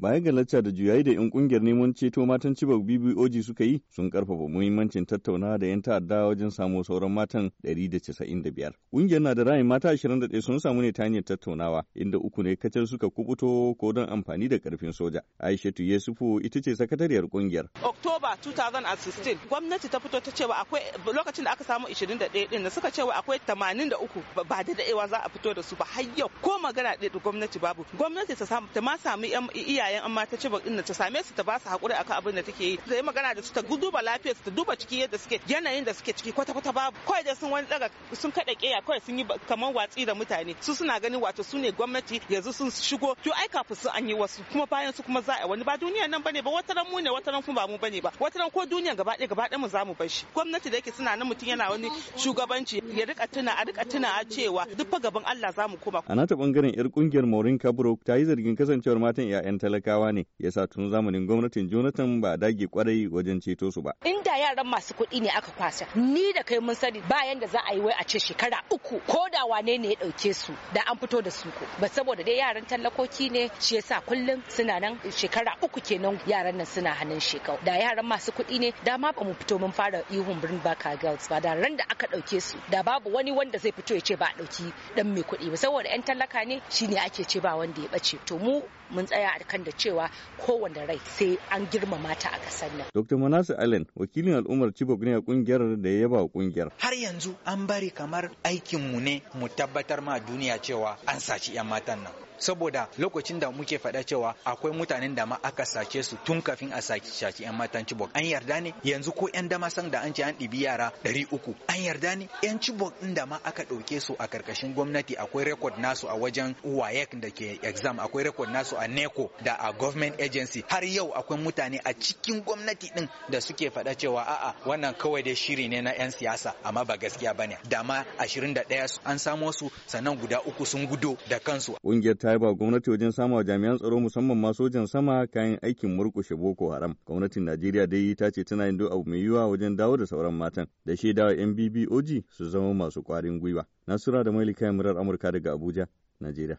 Baya ga lacca da juyayi da 'yan kungiyar neman ceto matan Chibok BBOG suka yi sun karfafa muhimmancin tattaunawa da 'yan ta'adda wajen samu sauran matan 195. Kungiyar na da rayin mata 21 sun samu ne ta hanyar tattaunawa inda uku ne kacal suka kubuto ko don amfani da karfin soja. Aishatu Yusufu ita ce sakatariyar kungiyar. Oktoba 2016 gwamnati ta fito ta cewa akwai lokacin da aka samu 21 din da suka cewa akwai 83 ba da daɗewa za a fito da su ba har yau ko magana da gwamnati babu. Gwamnati ta ma samu iyaye iyayen amma ta ci bakin ta same su ta ba su hakuri akan abin da take yi ta yi magana da su ta duba lafiyar su ta duba ciki yadda suke yanayin da suke ciki kwata kwata babu kawai da sun wani daga sun kada keya kawai sun yi kamar watsi da mutane su suna ganin wato su ne gwamnati yanzu sun shigo to ai kafin su an yi wasu kuma bayan su kuma za a wani ba duniya nan bane ba wataran mu ne wataran kuma ba mu bane ba wataran ko duniya gaba ɗaya gaba ɗaya mu za mu bar shi gwamnati da yake suna nan mutum yana wani shugabanci ya rika tuna a rika tuna a cewa duk fa gaban Allah za mu koma a nata bangaren yar kungiyar Maureen Kabro ta yi zargin kasancewar matan 'ya'yan talaka talakawa ne yasa tun zamanin gwamnatin Jonathan ba dage kwarai wajen ceto su ba. Inda yaran masu kuɗi ne aka kwasa ni da kai mun sani bayan da za a yi wai a ce shekara uku ko da wane ne ya ɗauke su da an fito da su ko ba saboda dai yaran tallakoki ne shi yasa kullum suna nan shekara uku kenan yaran nan suna hannun shekau da yaran masu kuɗi ne da ma ba mu fito mun fara ihun birnin baka girls ba da ran da aka ɗauke su da babu wani wanda zai fito ya ce ba a ɗauki dan mai kuɗi ba saboda 'yan talaka ne shine ake ce ba wanda ya bace to mu mun tsaya a kan da cewa kowanne rai sai an girmama ta a kasar nan. Dr. Manasu Allen wakilin al'ummar Chibok ne a kungiyar da ya yaba kungiyar. Har yanzu an bari kamar aikin mu ne mu tabbatar ma duniya cewa an saci 'yan matan nan. saboda lokacin da muke faɗa cewa akwai mutanen da ma aka sace su tun kafin a saki shaci yan matan Chibok an yarda ne yanzu ko yan damasan da an ce an ɗibi yara ɗari uku an yarda ne yan Chibok ɗin da ma aka ɗauke su a karkashin gwamnati akwai rekod nasu a wajen WAEC da ke exam akwai rekod nasu a neco da a government agency har yau akwai mutane a cikin gwamnati din da suke faɗa cewa a'a wannan kawai dai shiri ne na 'yan siyasa amma ba gaskiya bane da dama 21 an samo su sannan guda uku sun gudo da kansu ƙungiyar ta ba gwamnati wajen sama jami'an tsaro musamman ma sojan sama kayan aikin murƙushe boko haram gwamnatin najeriya dai ta ce tana yin duk mai yiwuwa wajen dawo da sauran matan da shaidawa 'yan bbog su zama masu ƙwarin gwiwa nasura da mailika murar amurka daga abuja najeriya